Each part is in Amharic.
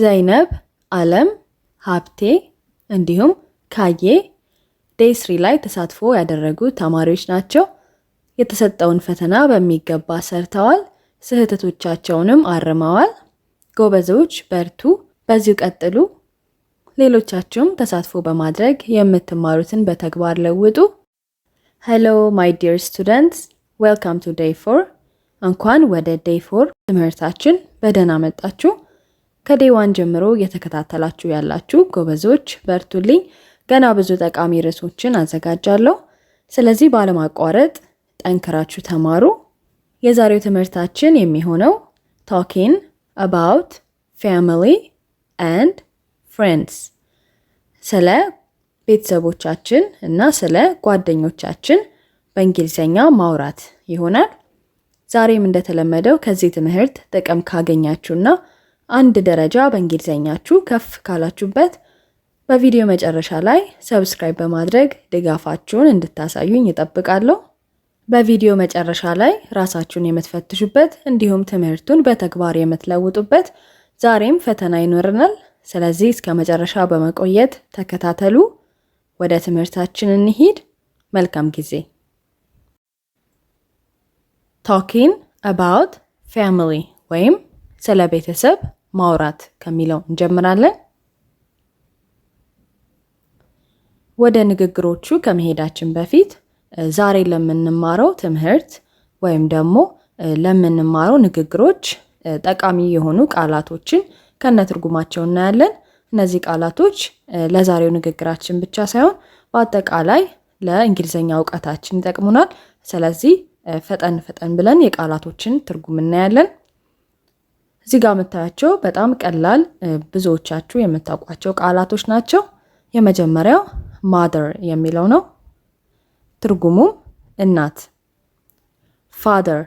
ዘይነብ፣ አለም፣ ሀብቴ እንዲሁም ካዬ ዴይ ስሪ ላይ ተሳትፎ ያደረጉ ተማሪዎች ናቸው። የተሰጠውን ፈተና በሚገባ ሰርተዋል። ስህተቶቻቸውንም አርመዋል። ጎበዞች፣ በርቱ፣ በዚሁ ቀጥሉ። ሌሎቻችሁም ተሳትፎ በማድረግ የምትማሩትን በተግባር ለውጡ። ሄሎ ማይ ዲር ስቱደንትስ ዌልካም ቱ ዴይ ፎር። እንኳን ወደ ዴይ ፎር ትምህርታችን በደህና መጣችሁ። ከዴዋን ጀምሮ እየተከታተላችሁ ያላችሁ ጎበዞች በርቱልኝ። ገና ብዙ ጠቃሚ ርዕሶችን አዘጋጃለሁ። ስለዚህ ባለማቋረጥ ጠንክራችሁ ተማሩ። የዛሬው ትምህርታችን የሚሆነው ታኪን አባውት ፋሚሊ ኤንድ ፍሬንድስ፣ ስለ ቤተሰቦቻችን እና ስለ ጓደኞቻችን በእንግሊዝኛ ማውራት ይሆናል። ዛሬም እንደተለመደው ከዚህ ትምህርት ጥቅም ካገኛችሁና አንድ ደረጃ በእንግሊዝኛችሁ ከፍ ካላችሁበት በቪዲዮ መጨረሻ ላይ ሰብስክራይብ በማድረግ ድጋፋችሁን እንድታሳዩኝ እጠብቃለሁ። በቪዲዮ መጨረሻ ላይ ራሳችሁን የምትፈትሹበት እንዲሁም ትምህርቱን በተግባር የምትለውጡበት ዛሬም ፈተና ይኖረናል። ስለዚህ እስከ መጨረሻ በመቆየት ተከታተሉ። ወደ ትምህርታችን እንሂድ። መልካም ጊዜ። ታኪን አባውት ፋሚሊ ወይም ስለ ቤተሰብ ማውራት ከሚለው እንጀምራለን። ወደ ንግግሮቹ ከመሄዳችን በፊት ዛሬ ለምንማረው ትምህርት ወይም ደግሞ ለምንማረው ንግግሮች ጠቃሚ የሆኑ ቃላቶችን ከነትርጉማቸው እናያለን። እነዚህ ቃላቶች ለዛሬው ንግግራችን ብቻ ሳይሆን በአጠቃላይ ለእንግሊዝኛ እውቀታችን ይጠቅሙናል። ስለዚህ ፈጠን ፈጠን ብለን የቃላቶችን ትርጉም እናያለን። እዚህ ጋር የምታያቸው በጣም ቀላል ብዙዎቻችሁ የምታውቋቸው ቃላቶች ናቸው። የመጀመሪያው ማደር የሚለው ነው። ትርጉሙም እናት። ፋደር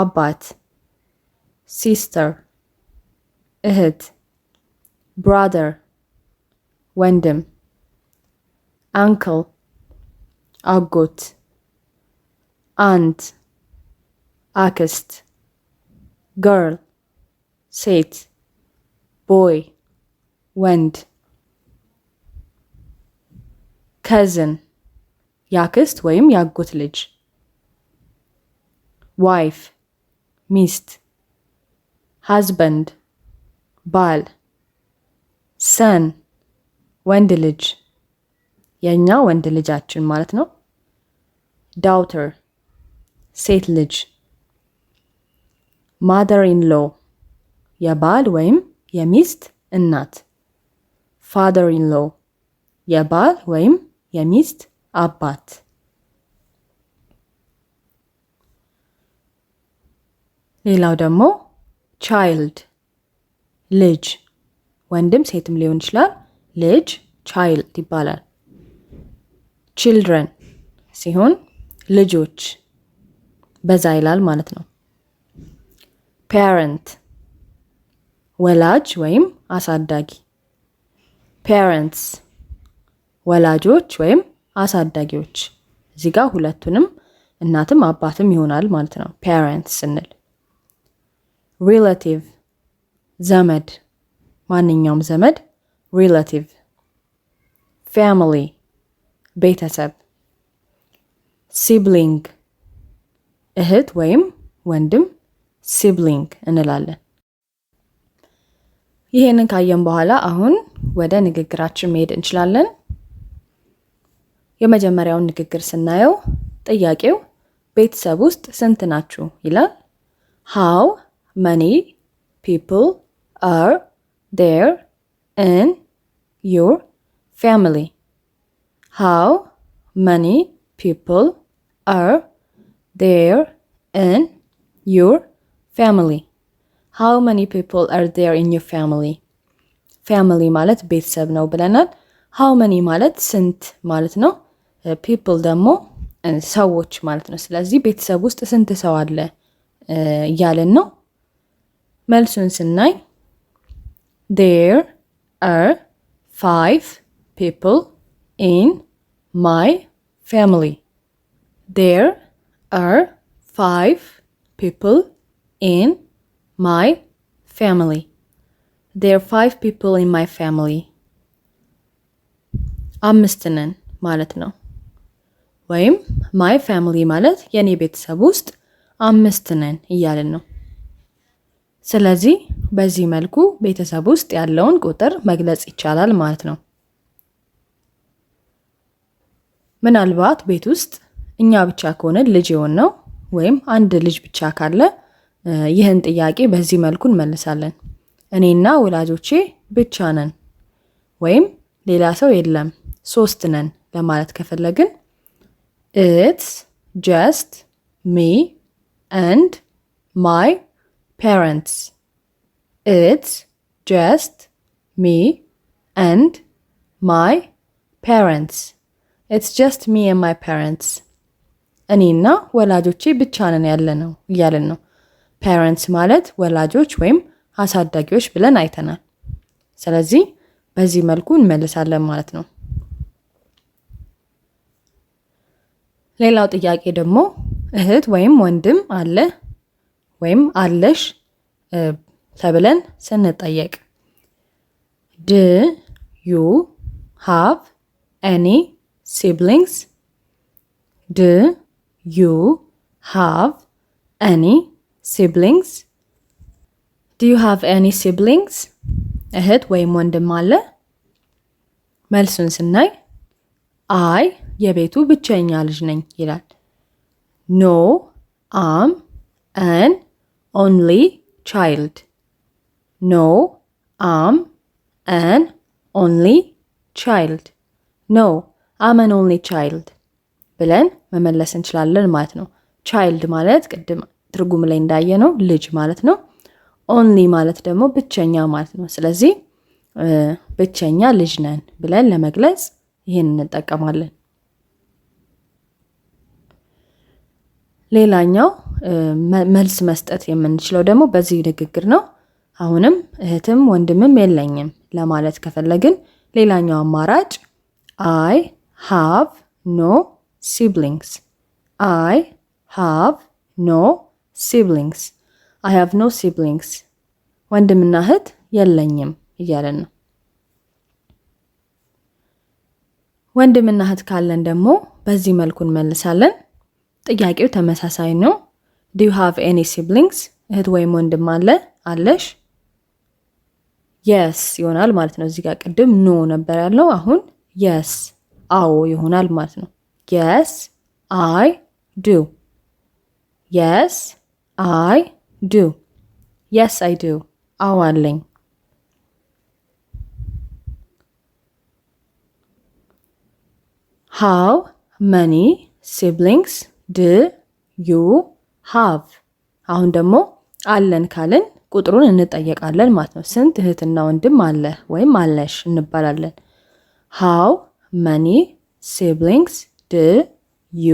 አባት፣ ሲስተር እህት፣ ብራደር ወንድም፣ አንክል አጎት፣ አንት አክስት ገርል ሴት፣ ቦይ ወንድ። ከዝን ያክስት ወይም ያጎት ልጅ። ዋይፍ ሚስት፣ ሃዝበንድ ባል፣ ሰን ወንድ ልጅ የእኛ ወንድ ልጃችን ማለት ነው። ዳውተር ሴት ልጅ ማደር ሎ የባል ወይም የሚስት እናት። ፋደር ሎ የባል ወይም የሚስት አባት። ሌላው ደግሞ ቻይልድ ልጅ፣ ወንድም ሴትም ሊሆን ይችላል። ልጅ ቻይልድ ይባላል። ችልድረን ሲሆን ልጆች በዛ ይላል ማለት ነው። ፔረንት ወላጅ ወይም አሳዳጊ ፔረንትስ ወላጆች ወይም አሳዳጊዎች። እዚህ ጋር ሁለቱንም እናትም አባትም ይሆናል ማለት ነው። ፔረንትስ ስንል ሪላቲቭ ዘመድ፣ ማንኛውም ዘመድ ሪላቲቭ። ፋሚሊ ቤተሰብ። ሲብሊንግ እህት ወይም ወንድም ሲብሊንግ እንላለን። ይሄንን ካየን በኋላ አሁን ወደ ንግግራችን መሄድ እንችላለን። የመጀመሪያውን ንግግር ስናየው ጥያቄው ቤተሰብ ውስጥ ስንት ናችሁ ይላል። ሃው መኒ ፒፕል አር ዴር ኢን ዩር ፋሚሊ? ሃው መኒ ፒፕል አር ዴር ኢን ዩር ፋሚሊ ሃው መኒ ፒፕል አር ዜር ኢን ዮር ፋሚሊ ፋሚሊ ማለት ቤተሰብ ነው ብለናል። ሃው መኒ ማለት ስንት ማለት ነው። ፒፕል uh, ደግሞ uh, ሰዎች ማለት ነው። ስለዚህ ቤተሰብ ውስጥ ስንት ሰው አለ uh, እያለን ነው። መልሱን ስናይ ዜር አር ፋይቭ ፒፕል ኢን ማይ ፋሚሊ ዴር አር ፋይቭ ፒፕል in my family. There are five people in my family. አምስት ነን ማለት ነው። ወይም ማይ ፋሚሊ ማለት የእኔ ቤተሰብ ውስጥ አምስት ነን እያልን ነው። ስለዚህ በዚህ መልኩ ቤተሰብ ውስጥ ያለውን ቁጥር መግለጽ ይቻላል ማለት ነው። ምናልባት ቤት ውስጥ እኛ ብቻ ከሆነ ልጅ የሆን ነው ወይም አንድ ልጅ ብቻ ካለ ይህን ጥያቄ በዚህ መልኩ እንመልሳለን። እኔና ወላጆቼ ብቻ ነን ወይም ሌላ ሰው የለም ሶስት ነን ለማለት ከፈለግን ኢትስ ጀስት ሚ ኤንድ ማይ ፓረንትስ ኢትስ ጀስት ሚ ኤንድ ማይ ፓረንትስ ኢትስ ጀስት ሚ ኤንድ ማይ ፓረንትስ እኔና ወላጆቼ ብቻ ነን ያለ ነው እያለን ነው። ፔረንትስ ማለት ወላጆች ወይም አሳዳጊዎች ብለን አይተናል። ስለዚህ በዚህ መልኩ እንመልሳለን ማለት ነው። ሌላው ጥያቄ ደግሞ እህት ወይም ወንድም አለ ወይም አለሽ ተብለን ስንጠየቅ ድ ዩ ሃቭ ኤኒ ሲብሊንግስ ድ ዩ ሃቭ ኤኒ ሲብሊንግስ ዱ ዩ ሃቭ ኤኒ ሲብሊንግስ? እህት ወይም ወንድም አለ? መልሱን ስናይ አይ የቤቱ ብቸኛ ልጅ ነኝ ይላል። ኖ አም አን ኦንሊ ቻይልድ። ኖ አም አን ኦንሊ ቻይልድ። ኖ አም አን ኦንሊ ቻይልድ ብለን መመለስ እንችላለን ማለት ነው። ቻይልድ ማለት ቅድም ትርጉም ላይ እንዳየ ነው ልጅ ማለት ነው። ኦንሊ ማለት ደግሞ ብቸኛ ማለት ነው። ስለዚህ ብቸኛ ልጅ ነን ብለን ለመግለጽ ይህን እንጠቀማለን። ሌላኛው መልስ መስጠት የምንችለው ደግሞ በዚህ ንግግር ነው። አሁንም እህትም ወንድምም የለኝም ለማለት ከፈለግን ሌላኛው አማራጭ አይ ሃቭ ኖ ሲብሊንግስ አይ ሃቭ ኖ ሲብሊንግስ አይ ሃቭ ኖ ሲብሊንግስ ወንድምና እህት የለኝም እያለን ነው። ወንድምና እህት ካለን ደግሞ በዚህ መልኩ እንመልሳለን። ጥያቄው ተመሳሳይ ነው። ዱ ዩ ሃቭ ኤኒ ሲብሊንግስ? እህት ወይም ወንድም አለ አለሽ? የስ ይሆናል ማለት ነው። እዚህ ጋር ቅድም ኖ ነበር ያለው፣ አሁን የስ አዎ ይሆናል ማለት ነው። የስ አይ ዱ የስ አይ ዱ የስ አይ ዱ አዎ አለኝ። ሃው መኒ ሲብሊንግስ ድ ዩ ሃቭ። አሁን ደግሞ አለን ካልን ቁጥሩን እንጠየቃለን ማለት ነው። ስንት እህትና ወንድም አለ ወይም አለሽ እንባላለን። ሃው መኒ ሲብሊንግስ ድ ዩ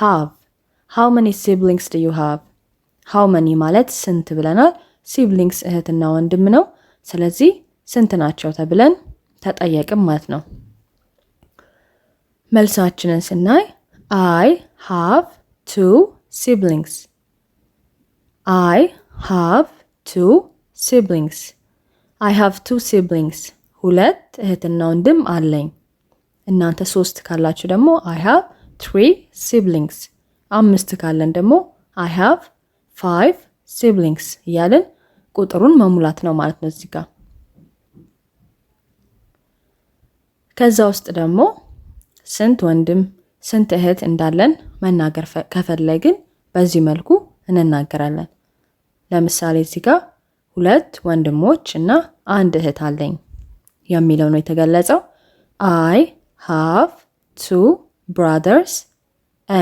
ሃቭ ሃው መኒ ሲብሊንግስ ድ ዩ ሃቭ ሃው መኒ ማለት ስንት ብለናል። ሲብሊንግስ እህትና ወንድም ነው። ስለዚህ ስንት ናቸው ተብለን ተጠየቅም ማለት ነው። መልሳችንን ስናይ አይ ሃቭ ቱ ሲብሊንግስ፣ አይ ሃቭ ቱ ሲብሊንግስ፣ አይ ሃቭ ቱ ሲብሊንግስ። ሁለት እህትና ወንድም አለኝ። እናንተ ሶስት ካላችሁ ደግሞ አይ ሃቭ ትሪ ሲብሊንግስ፣ አምስት ካለን ደግሞ አይ ሃቭ ፋይቭ ሲብሊንግስ እያልን ቁጥሩን መሙላት ነው ማለት ነው እዚህ ጋር። ከዛ ውስጥ ደግሞ ስንት ወንድም ስንት እህት እንዳለን መናገር ከፈለግን በዚህ መልኩ እንናገራለን። ለምሳሌ እዚህ ጋር ሁለት ወንድሞች እና አንድ እህት አለኝ የሚለው ነው የተገለጸው። አይ ሃቭ ቱ ብራደርስ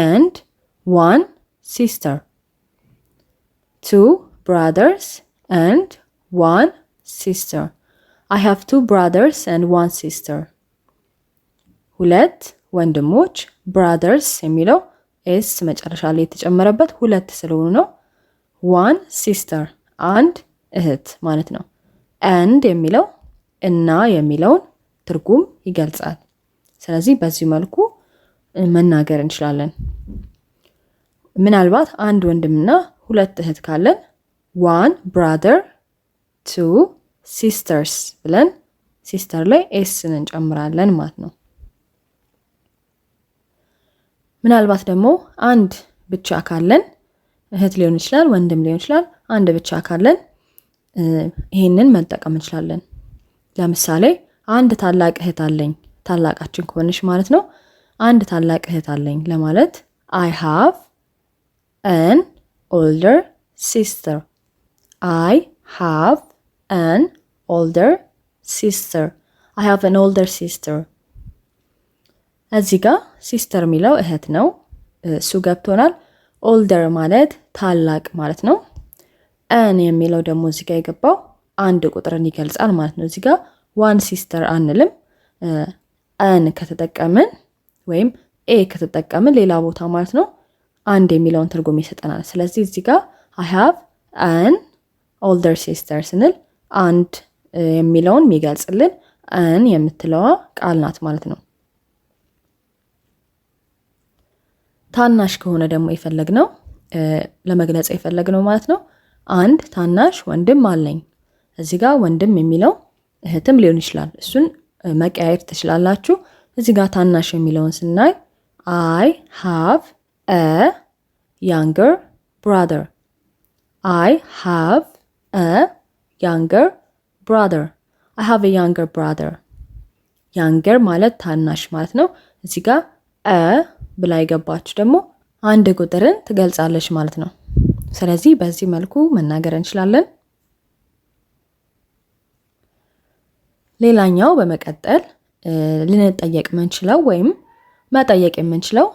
ኤንድ ዋን ሲስተር ቱ ብራዘርስ ኤንድ ዋን ሲስተር አይ ሃቭ ቱ ብራዘርስ ኤንድ ዋን ሲስተር። ሁለት ወንድሞች ብራዘርስ የሚለው ኤስ መጨረሻ ላይ የተጨመረበት ሁለት ስለሆኑ ነው። ዋን ሲስተር አንድ እህት ማለት ነው። ኤንድ የሚለው እና የሚለውን ትርጉም ይገልጻል። ስለዚህ በዚህ መልኩ መናገር እንችላለን። ምናልባት አንድ ወንድምና ሁለት እህት ካለን ዋን ብራደር ቱ ሲስተርስ ብለን ሲስተር ላይ ኤስን እንጨምራለን ማለት ነው። ምናልባት ደግሞ አንድ ብቻ ካለን እህት ሊሆን ይችላል፣ ወንድም ሊሆን ይችላል። አንድ ብቻ ካለን ይሄንን መጠቀም እንችላለን። ለምሳሌ አንድ ታላቅ እህት አለኝ፣ ታላቃችን ከሆነች ማለት ነው። አንድ ታላቅ እህት አለኝ ለማለት አይ ሃቭ አን older sister. I have an older sister. I have an older sister. እዚህ ጋ ሲስተር የሚለው እህት ነው፣ እሱ ገብቶናል። ኦልደር ማለት ታላቅ ማለት ነው። አን የሚለው ደግሞ እዚህ ጋር የገባው አንድ ቁጥርን ይገልጻል ማለት ነው። እዚህ ጋር ዋን ሲስተር አንልም። አን ከተጠቀምን ወይም ኤ ከተጠቀምን ሌላ ቦታ ማለት ነው አንድ የሚለውን ትርጉም ይሰጠናል። ስለዚህ እዚህ ጋር አይ ሃቭ አን ኦልደር ሲስተር ስንል አንድ የሚለውን የሚገልጽልን አን የምትለዋ ቃል ናት ማለት ነው። ታናሽ ከሆነ ደግሞ ነው ለመግለጽ የፈለግነው ማለት ነው አንድ ታናሽ ወንድም አለኝ። እዚህ ጋር ወንድም የሚለው እህትም ሊሆን ይችላል። እሱን መቀያየር ትችላላችሁ። እዚህ ጋር ታናሽ የሚለውን ስናይ አይ ሃቭ a younger brother I have a younger brother I have a younger brother ያንገር ማለት ታናሽ ማለት ነው። እዚህ ጋር አ ብላ የገባችሁ ደግሞ አንድ ቁጥርን ትገልጻለች ማለት ነው። ስለዚህ በዚህ መልኩ መናገር እንችላለን። ሌላኛው በመቀጠል ልንጠየቅ የምንችለው ወይም መጠየቅ የምንችለው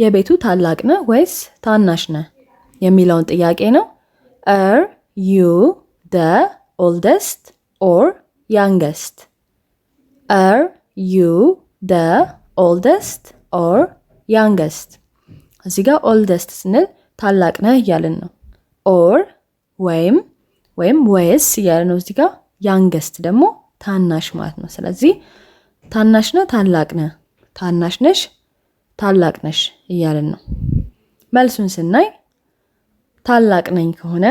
የቤቱ ታላቅ ነህ ወይስ ታናሽ ነህ የሚለውን ጥያቄ ነው። አር ዩ ደ ኦልደስት ኦር ያንገስት? አር ዩ ደ ኦልደስት ኦር ያንገስት? እዚህ ጋር ኦልደስት ስንል ታላቅ ነህ እያልን ነው። ኦር ወይም ወይም ወይስ እያልን ነው። እዚህ ጋር ያንገስት ደግሞ ታናሽ ማለት ነው። ስለዚህ ታናሽ ነህ፣ ታላቅ ነህ፣ ታናሽ ነሽ ታላቅ ነሽ እያልን ነው። መልሱን ስናይ ታላቅ ነኝ ከሆነ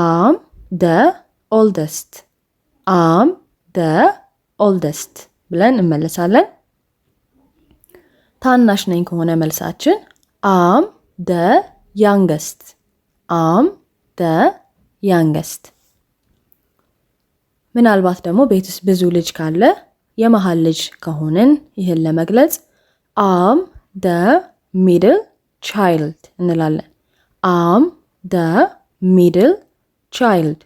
አም ደ ኦልደስት አም ደ ኦልደስት ብለን እንመለሳለን። ታናሽ ነኝ ከሆነ መልሳችን አም ደ ያንገስት አም ደ ያንገስት። ምናልባት ደግሞ ቤት ውስጥ ብዙ ልጅ ካለ የመሀል ልጅ ከሆንን ይህን ለመግለጽ አም ደ ሚድል ቻይልድ እንላለን። አም ደ ሚድል ቻይልድ።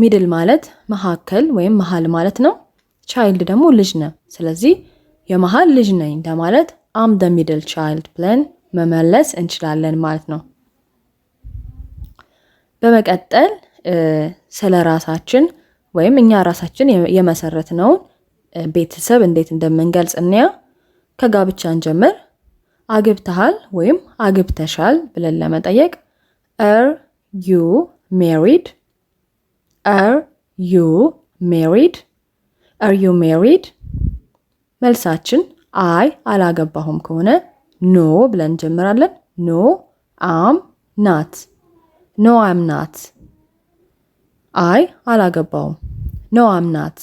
ሚድል ማለት መካከል ወይም መሀል ማለት ነው። ቻይልድ ደግሞ ልጅ ነው። ስለዚህ የመሀል ልጅ ነኝ ለማለት አም ደ ሚድል ቻይልድ ብለን መመለስ እንችላለን ማለት ነው። በመቀጠል ስለ ራሳችን ወይም እኛ ራሳችን የመሰረት ነውን ቤተሰብ እንዴት እንደምንገልጽ እንያ። ከጋብቻን ጀምር አግብተሃል ወይም አግብተሻል ብለን ለመጠየቅ አር ዩ ሜሪድ፣ አር ዩ ሜሪድ፣ አር ዩ ሜሪድ። መልሳችን አይ አላገባሁም ከሆነ ኖ ብለን እንጀምራለን። ኖ አም ናት፣ ኖ አም ናት። አይ አላገባውም፣ ኖ አም ናት።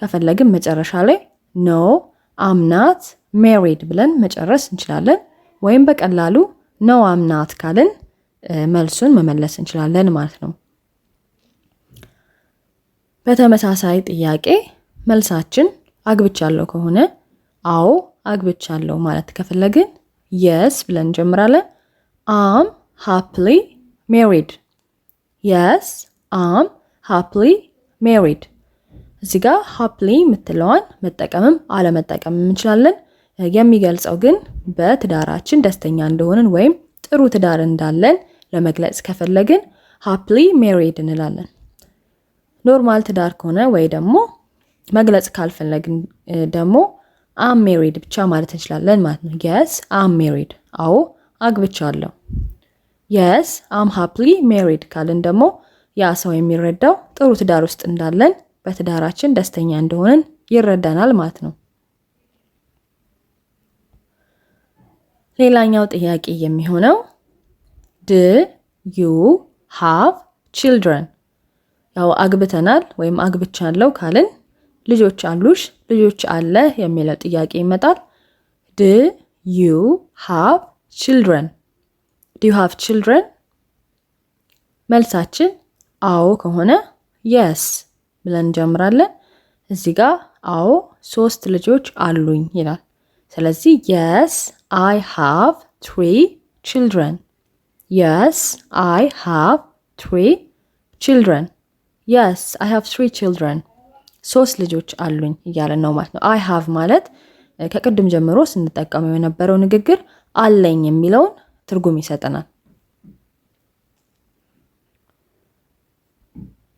ከፈለግን መጨረሻ ላይ ኖ አም ናት ሜሪድ ብለን መጨረስ እንችላለን። ወይም በቀላሉ ነው አምናት ካልን መልሱን መመለስ እንችላለን ማለት ነው። በተመሳሳይ ጥያቄ መልሳችን አግብቻለሁ ከሆነ አዎ አግብቻለሁ ማለት ከፈለግን የስ ብለን እንጀምራለን። አም ሃፕሊ ሜሪድ የስ አም ሃፕሊ ሜሪድ። እዚህ ጋር ሃፕሊ የምትለዋን መጠቀምም አለመጠቀምም እንችላለን። የሚገልጸው ግን በትዳራችን ደስተኛ እንደሆንን ወይም ጥሩ ትዳር እንዳለን ለመግለጽ ከፈለግን ሃፕሊ ሜሪድ እንላለን። ኖርማል ትዳር ከሆነ ወይ ደግሞ መግለጽ ካልፈለግን ደግሞ አም ሜሪድ ብቻ ማለት እንችላለን ማለት ነው። የስ አም ሜሪድ፣ አዎ አግብቻለሁ። የስ አም ሃፕሊ ሜሪድ ካልን ደግሞ ያ ሰው የሚረዳው ጥሩ ትዳር ውስጥ እንዳለን በትዳራችን ደስተኛ እንደሆንን ይረዳናል ማለት ነው። ሌላኛው ጥያቄ የሚሆነው ድ ዩ ሃቭ ችልድረን ያው አግብተናል ወይም አግብቻለሁ ካልን ልጆች አሉሽ፣ ልጆች አለ የሚለው ጥያቄ ይመጣል። ድ ዩ ሃቭ ችልድረን ዱ ዩ ሃቭ ችልድረን። መልሳችን አዎ ከሆነ የስ ብለን እንጀምራለን። እዚህ ጋር አዎ ሶስት ልጆች አሉኝ ይላል። ስለዚህ የስ አይ ሃቭ ትሪ ችልድረን፣ የስ አይ ሃቭ ትሪ ችልድረን፣ የስ አይ ሃቭ ትሪ ችልድረን፣ ሶስት ልጆች አሉኝ እያለን ነው ማለት ነው። አይ ሃቭ ማለት ከቅድም ጀምሮ ስንጠቀመው የነበረው ንግግር አለኝ የሚለውን ትርጉም ይሰጠናል።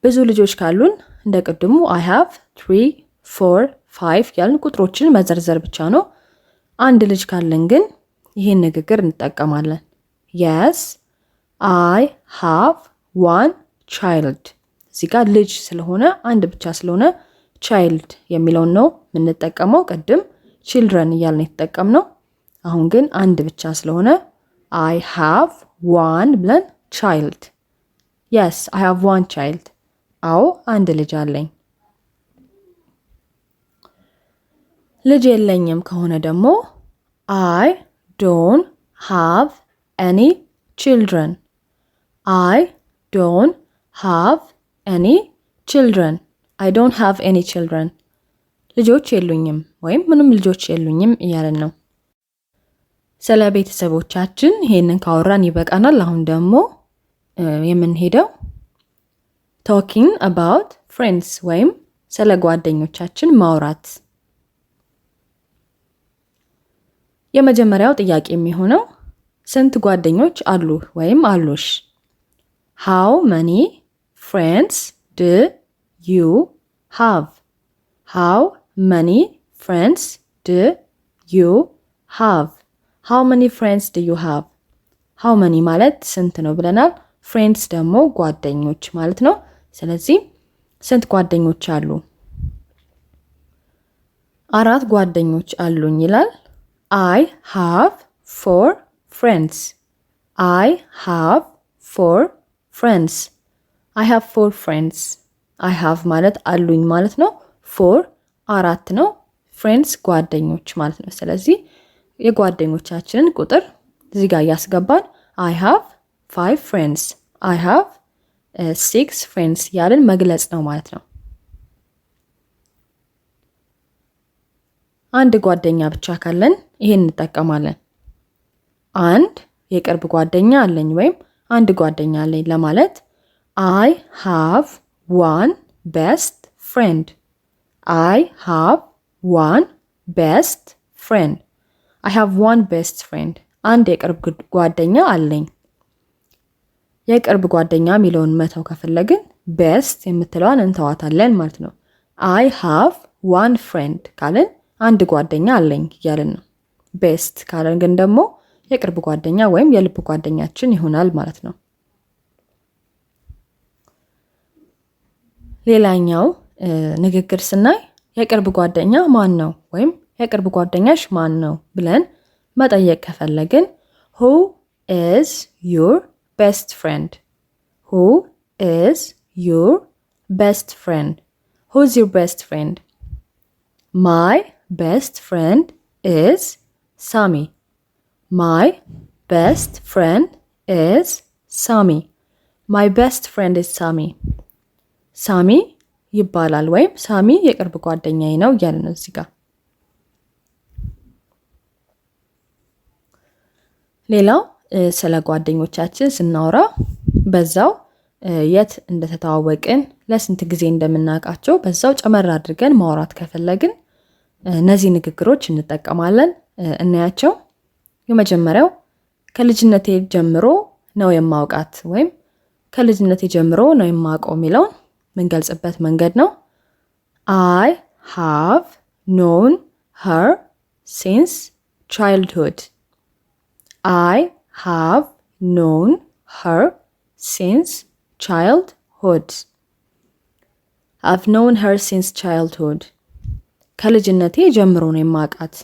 ብዙ ልጆች ካሉን እንደ ቅድሙ አይ ሃቭ ትሪ ፎር ፋይቭ ያሉን ቁጥሮችን መዘርዘር ብቻ ነው። አንድ ልጅ ካለን ግን ይህን ንግግር እንጠቀማለን። የስ አይ ሃቭ ዋን ቻይልድ። እዚህ ጋር ልጅ ስለሆነ አንድ ብቻ ስለሆነ ቻይልድ የሚለውን ነው የምንጠቀመው። ቅድም ቺልድረን እያልን የተጠቀምነው፣ አሁን ግን አንድ ብቻ ስለሆነ አይ ሃቭ ዋን ብለን ቻይልድ። የስ አይ ሃቭ ዋን ቻይልድ። አዎ አንድ ልጅ አለኝ። ልጅ የለኝም ከሆነ ደግሞ አይ ዶን ሃቭ ኤኒ ችልድረን አይ ዶን ሃቭ ኤኒ ችልድረን አይ ዶን ሃቭ ኤኒ ችልድረን ልጆች የሉኝም ወይም ምንም ልጆች የሉኝም እያለን ነው። ስለ ቤተሰቦቻችን ይሄንን ካወራን ይበቃናል። አሁን ደግሞ የምንሄደው ቶኪንግ አባውት ፍሬንድስ ወይም ስለ ጓደኞቻችን ማውራት የመጀመሪያው ጥያቄ የሚሆነው ስንት ጓደኞች አሉ ወይም አሉሽ? ሃው መኒ ፍሬንድስ ድ ዩ ሃቭ? ሃው መኒ ፍሬንድስ ድ ዩ ሃቭ? ሃው መኒ ፍሬንድስ ድ ዩ ሃቭ? ሃው መኒ ማለት ስንት ነው ብለናል። ፍሬንድስ ደግሞ ጓደኞች ማለት ነው። ስለዚህ ስንት ጓደኞች አሉ? አራት ጓደኞች አሉኝ ይላል። አይ ሃቭ ፎር ፍሬንድስ አይ ሃቭ ፎር ፍሬንድስ አይ ሃቭ ፎር ፍሬንድስ አይ ሃቭ ማለት አሉኝ ማለት ነው። ፎር አራት ነው። ፍሬንድስ ጓደኞች ማለት ነው። ስለዚህ የጓደኞቻችንን ቁጥር እዚህ ጋር እያስገባን አይ ሃቭ ፋይቭ ፍሬንድስ አይ ሃቭ ሲክስ ፍሬንድስ ያልን መግለጽ ነው ማለት ነው። አንድ ጓደኛ ብቻ ካለን ይሄን እንጠቀማለን። አንድ የቅርብ ጓደኛ አለኝ ወይም አንድ ጓደኛ አለኝ ለማለት አይ ሃቭ ዋን ቤስት ፍሬንድ፣ አይ ሃቭ ዋን ቤስት ፍሬንድ፣ አይ ሃቭ ዋን ቤስት ፍሬንድ፣ አንድ የቅርብ ጓደኛ አለኝ። የቅርብ ጓደኛ የሚለውን መተው ከፈለግን ቤስት የምትለዋን እንተዋታለን ማለት ነው። አይ ሃቭ ዋን ፍሬንድ ካልን አንድ ጓደኛ አለኝ ያለን ነው። ቤስት ካለን ግን ደግሞ የቅርብ ጓደኛ ወይም የልብ ጓደኛችን ይሆናል ማለት ነው። ሌላኛው ንግግር ስናይ የቅርብ ጓደኛ ማን ነው ወይም የቅርብ ጓደኛሽ ማን ነው ብለን መጠየቅ ከፈለግን ሁ ኢዝ ዩር ቤስት ፍሬንድ፣ ሁ ኢዝ ዩር ቤስት ፍሬንድ፣ ሁዝ ዩር ቤስት ፍሬንድ ማይ ቤስት ፍሬንድ ኢዝ ሳሚ። ማይ ቤስት ፍሬንድ ኢዝ ሳሚ። ማይ ቤስት ፍሬንድ ኢዝ ሳሚ። ሳሚ ይባላል ወይም ሳሚ የቅርብ ጓደኛዬ ነው እያለ ነው እዚህ ጋር። ሌላው ስለ ጓደኞቻችን ስናወራ በዛው የት እንደተተዋወቅን ለስንት ጊዜ እንደምናውቃቸው በዛው ጨመር አድርገን ማውራት ከፈለግን እነዚህ ንግግሮች እንጠቀማለን፣ እናያቸው። የመጀመሪያው ከልጅነቴ ጀምሮ ነው የማውቃት ወይም ከልጅነቴ ጀምሮ ነው የማውቀው የሚለውን የምንገልጽበት መንገድ ነው። አይ ሃቭ ኖውን ኸር ሲንስ ቻይልድሁድ። አይ ሃቭ ኖውን ኸር ሲንስ ቻይልድሁድ። አቭ ኖውን ኸር ሲንስ ቻይልድሁድ ከልጅነቴ ጀምሮ ነው የማውቃት።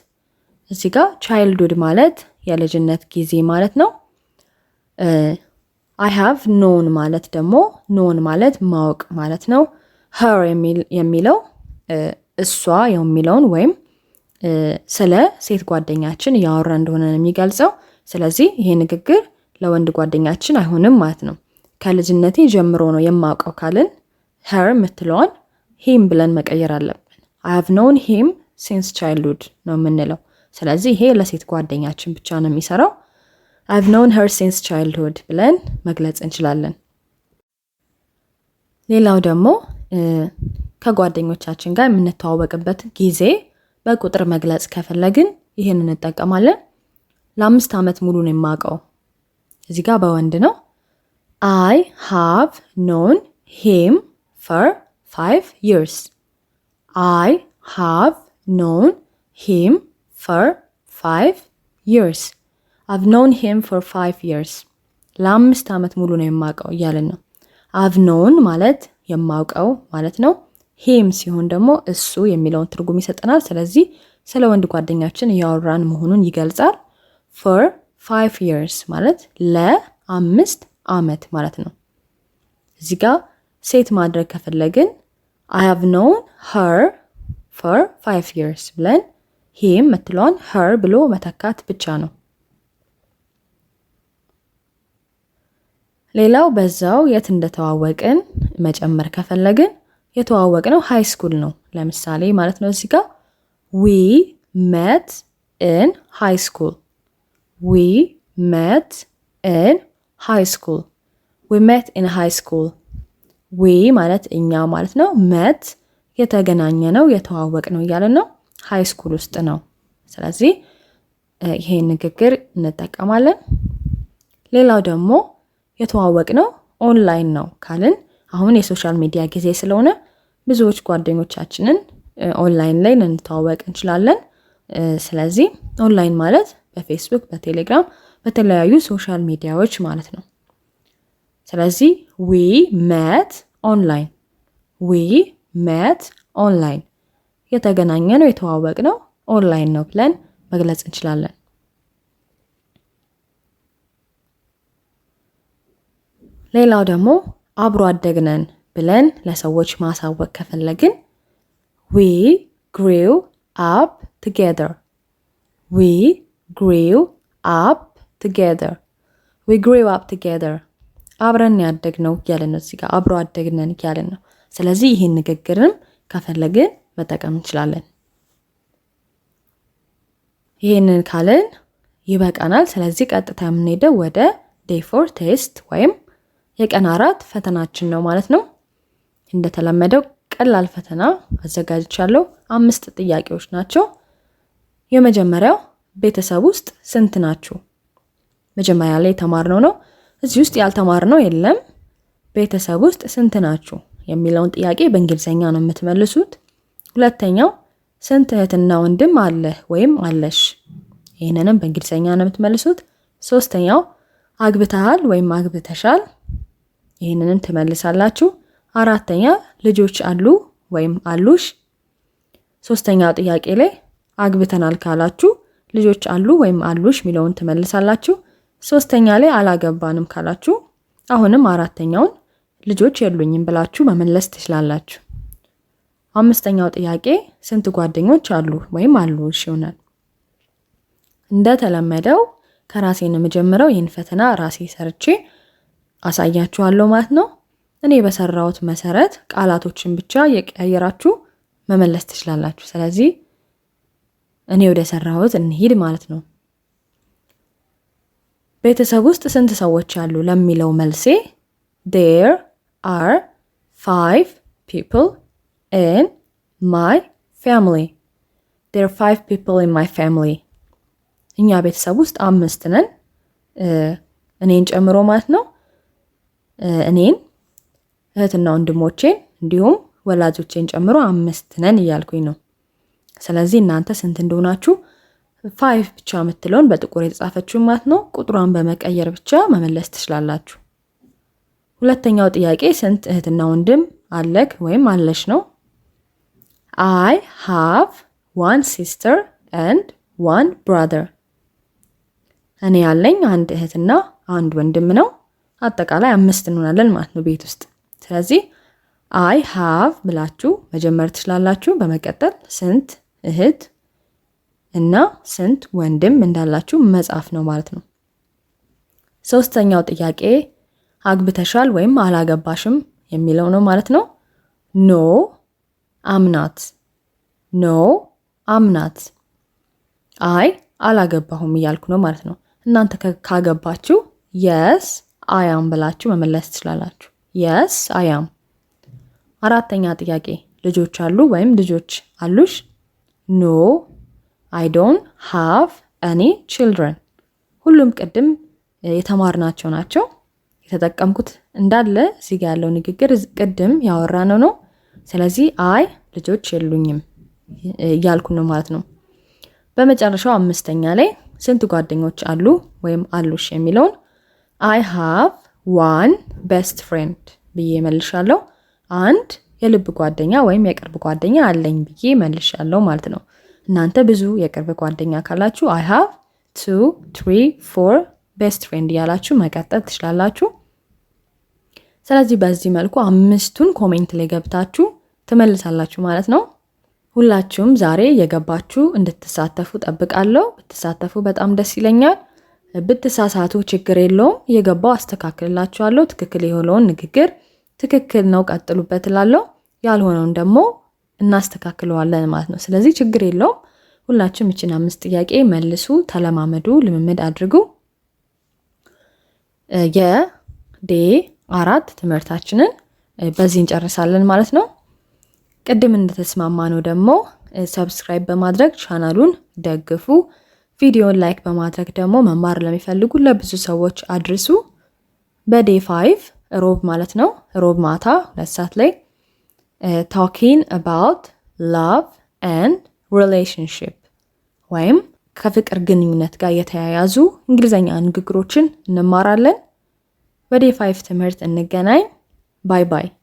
እዚህ ጋር ቻይልድሁድ ማለት የልጅነት ጊዜ ማለት ነው። አይ ሃቭ ኖን ማለት ደግሞ ኖን ማለት ማወቅ ማለት ነው። ሀር የሚለው እሷ የሚለውን ወይም ስለ ሴት ጓደኛችን እያወራ እንደሆነ ነው የሚገልጸው። ስለዚህ ይሄ ንግግር ለወንድ ጓደኛችን አይሆንም ማለት ነው። ከልጅነቴ ጀምሮ ነው የማውቀው ካልን ሀር የምትለዋን ሂም ብለን መቀየር አለብን። አያቭ ኖውን ሂም ሲንስ ቻይልድሁድ ነው የምንለው። ስለዚህ ይሄ ለሴት ጓደኛችን ብቻ ነው የሚሰራው። አያቭ ኖውን ሄር ሲንስ ቻይልድሁድ ብለን መግለጽ እንችላለን። ሌላው ደግሞ ከጓደኞቻችን ጋር የምንተዋወቅበት ጊዜ በቁጥር መግለጽ ከፈለግን ይህን እንጠቀማለን። ለአምስት ዓመት ሙሉ ነው የማውቀው። እዚህ ጋር በወንድ ነው። አይ ሃቭ ኖን ሂም ፈር ፋይቭ ይርስ አይ ሃቭ ኖውን ሂም ፎር ፋይቭ ይርስ አቭ ኖውን ሂም ፎር ፋይቭ ይርስ ለአምስት ዓመት ሙሉ ነው የማውቀው እያለን ነው። አቭ ኖውን ማለት የማውቀው ማለት ነው። ሂም ሲሆን ደግሞ እሱ የሚለውን ትርጉም ይሰጠናል። ስለዚህ ስለ ወንድ ጓደኛችን እያወራን መሆኑን ይገልጻል። ፎር ፋይቭ ይርስ ማለት ለአምስት ዓመት ማለት ነው። እዚህ ጋር ሴት ማድረግ ከፈለግን አይ ሃቭ ኖውን ኸር ፎር ፋይቭ ይርስ ብለን ሂም የምትለውን ኸር ብሎ መተካት ብቻ ነው። ሌላው በዛው የት እንደተዋወቅን መጨመር ከፈለግን የተዋወቅነው ሃይ ስኩል ነው ለምሳሌ ማለት ነው። እዚህ ጋር ዊ met in high school. We met in high school. We met in high school ዌ ማለት እኛ ማለት ነው። መት የተገናኘ ነው የተዋወቅ ነው እያለን ነው። ሀይ ስኩል ውስጥ ነው። ስለዚህ ይሄ ንግግር እንጠቀማለን። ሌላው ደግሞ የተዋወቅ ነው ኦንላይን ነው ካልን አሁን የሶሻል ሚዲያ ጊዜ ስለሆነ ብዙዎች ጓደኞቻችንን ኦንላይን ላይ ልንተዋወቅ እንችላለን። ስለዚህ ኦንላይን ማለት በፌስቡክ፣ በቴሌግራም፣ በተለያዩ ሶሻል ሚዲያዎች ማለት ነው። ስለዚህ ዊ መት ኦንላይን ዊ ሜት ኦንላይን የተገናኘ ነው የተዋወቅ ነው ኦንላይን ነው ብለን መግለጽ እንችላለን። ሌላው ደግሞ አብሮ አደግነን ብለን ለሰዎች ማሳወቅ ከፈለግን ዊ ግሪው አፕ ቱጌዘር ዊ ግሪው አፕ ቱጌዘር ዊ ግሪው አፕ ቱጌዘር አብረን ያደግ ነው እያለን ነው። እዚህ ጋር አብሮ አደግነን እያለን ነው። ስለዚህ ይህን ንግግርም ከፈለግን መጠቀም እንችላለን። ይህንን ካልን ይበቃናል። ስለዚህ ቀጥታ የምንሄደው ወደ ዴይ ፎር ቴስት ወይም የቀን አራት ፈተናችን ነው ማለት ነው። እንደተለመደው ቀላል ፈተና አዘጋጅቻለሁ። አምስት ጥያቄዎች ናቸው። የመጀመሪያው ቤተሰብ ውስጥ ስንት ናችሁ? መጀመሪያ ላይ የተማርነው ነው እዚህ ውስጥ ያልተማርነው የለም። ቤተሰብ ውስጥ ስንት ናችሁ የሚለውን ጥያቄ በእንግሊዝኛ ነው የምትመልሱት። ሁለተኛው ስንት እህትና ወንድም አለህ ወይም አለሽ? ይህንንም በእንግሊዝኛ ነው የምትመልሱት። ሶስተኛው አግብተሃል ወይም አግብተሻል? ይህንንም ትመልሳላችሁ። አራተኛ ልጆች አሉ ወይም አሉሽ? ሶስተኛው ጥያቄ ላይ አግብተናል ካላችሁ ልጆች አሉ ወይም አሉሽ የሚለውን ትመልሳላችሁ። ሶስተኛ ላይ አላገባንም ካላችሁ አሁንም አራተኛውን ልጆች የሉኝም ብላችሁ መመለስ ትችላላችሁ። አምስተኛው ጥያቄ ስንት ጓደኞች አሉ ወይም አሉ ይሆናል። እንደተለመደው ከራሴ ነው የምጀምረው። ይህን ፈተና ራሴ ሰርቼ አሳያችኋለሁ ማለት ነው። እኔ በሰራሁት መሰረት ቃላቶችን ብቻ የቀያየራችሁ መመለስ ትችላላችሁ። ስለዚህ እኔ ወደ ሰራሁት እንሂድ ማለት ነው። ቤተሰብ ውስጥ ስንት ሰዎች አሉ ለሚለው መልሴ ዴር አር ፋይቭ ፒፕል ኢን ማይ ፋሚሊ ዴር ፋይቭ ፒፕል ኢን ማይ ፋሚሊ። እኛ ቤተሰብ ውስጥ አምስት ነን፣ እኔን ጨምሮ ማለት ነው። እኔን እህትና ወንድሞቼን እንዲሁም ወላጆቼን ጨምሮ አምስት ነን እያልኩኝ ነው። ስለዚህ እናንተ ስንት እንደሆናችሁ ፋይቭ ብቻ የምትለውን በጥቁር የተጻፈችው ማለት ነው ቁጥሯን በመቀየር ብቻ መመለስ ትችላላችሁ። ሁለተኛው ጥያቄ ስንት እህትና ወንድም አለክ ወይም አለሽ ነው። አይ ሃቭ ዋን ሲስተር ኤንድ ዋን ብራደር። እኔ ያለኝ አንድ እህትና አንድ ወንድም ነው። አጠቃላይ አምስት እንሆናለን ማለት ነው ቤት ውስጥ። ስለዚህ አይ ሃቭ ብላችሁ መጀመር ትችላላችሁ። በመቀጠል ስንት እህት እና ስንት ወንድም እንዳላችሁ መጻፍ ነው ማለት ነው። ሶስተኛው ጥያቄ አግብተሻል ወይም አላገባሽም የሚለው ነው ማለት ነው። ኖ አምናት፣ ኖ አምናት፣ አይ አላገባሁም እያልኩ ነው ማለት ነው። እናንተ ካገባችሁ የስ አያም ብላችሁ መመለስ ትችላላችሁ። የስ አያም። አራተኛ ጥያቄ ልጆች አሉ ወይም ልጆች አሉሽ? ኖ አይ ዶንት ሃቭ እኔ ችልድረን ሁሉም ቅድም የተማርናቸው ናቸው። የተጠቀምኩት እንዳለ እዚህ ጋ ያለው ንግግር ቅድም ያወራነው ነው። ስለዚህ አይ ልጆች የሉኝም እያልኩ ነው ማለት ነው። በመጨረሻው አምስተኛ ላይ ስንት ጓደኞች አሉ ወይም አሉሽ የሚለውን አይ ሃቭ ዋን ቤስት ፍሬንድ ብዬ መልሻለሁ። አንድ የልብ ጓደኛ ወይም የቅርብ ጓደኛ አለኝ ብዬ መልሻለሁ ማለት ነው። እናንተ ብዙ የቅርብ ጓደኛ ካላችሁ አይ ሃቭ ቱ ትሪ ፎር ቤስት ፍሬንድ እያላችሁ መቀጠል ትችላላችሁ። ስለዚህ በዚህ መልኩ አምስቱን ኮሜንት ላይ ገብታችሁ ትመልሳላችሁ ማለት ነው። ሁላችሁም ዛሬ የገባችሁ እንድትሳተፉ ጠብቃለሁ። ብትሳተፉ በጣም ደስ ይለኛል። ብትሳሳቱ ችግር የለውም፣ የገባው አስተካክልላችኋለሁ። ትክክል የሆነውን ንግግር ትክክል ነው ቀጥሉበት እላለሁ፣ ያልሆነውን ደግሞ እናስተካክለዋለን ማለት ነው። ስለዚህ ችግር የለውም። ሁላችሁም ይችን አምስት ጥያቄ መልሱ፣ ተለማመዱ፣ ልምምድ አድርጉ። የዴ አራት ትምህርታችንን በዚህ እንጨርሳለን ማለት ነው። ቅድም እንደተስማማ ነው ደግሞ ሰብስክራይብ በማድረግ ቻናሉን ደግፉ። ቪዲዮን ላይክ በማድረግ ደግሞ መማር ለሚፈልጉ ለብዙ ሰዎች አድርሱ። በዴ ፋይቭ ሮብ ማለት ነው ሮብ ማታ ሁለት ሰዓት ላይ ታኪንግ አባውት ላቭ ኤንድ ሪሌሽንሽፕ ወይም ከፍቅር ግንኙነት ጋር የተያያዙ እንግሊዝኛ ንግግሮችን እንማራለን። በዴይ ፋይቭ ትምህርት እንገናኝ። ባይ ባይ።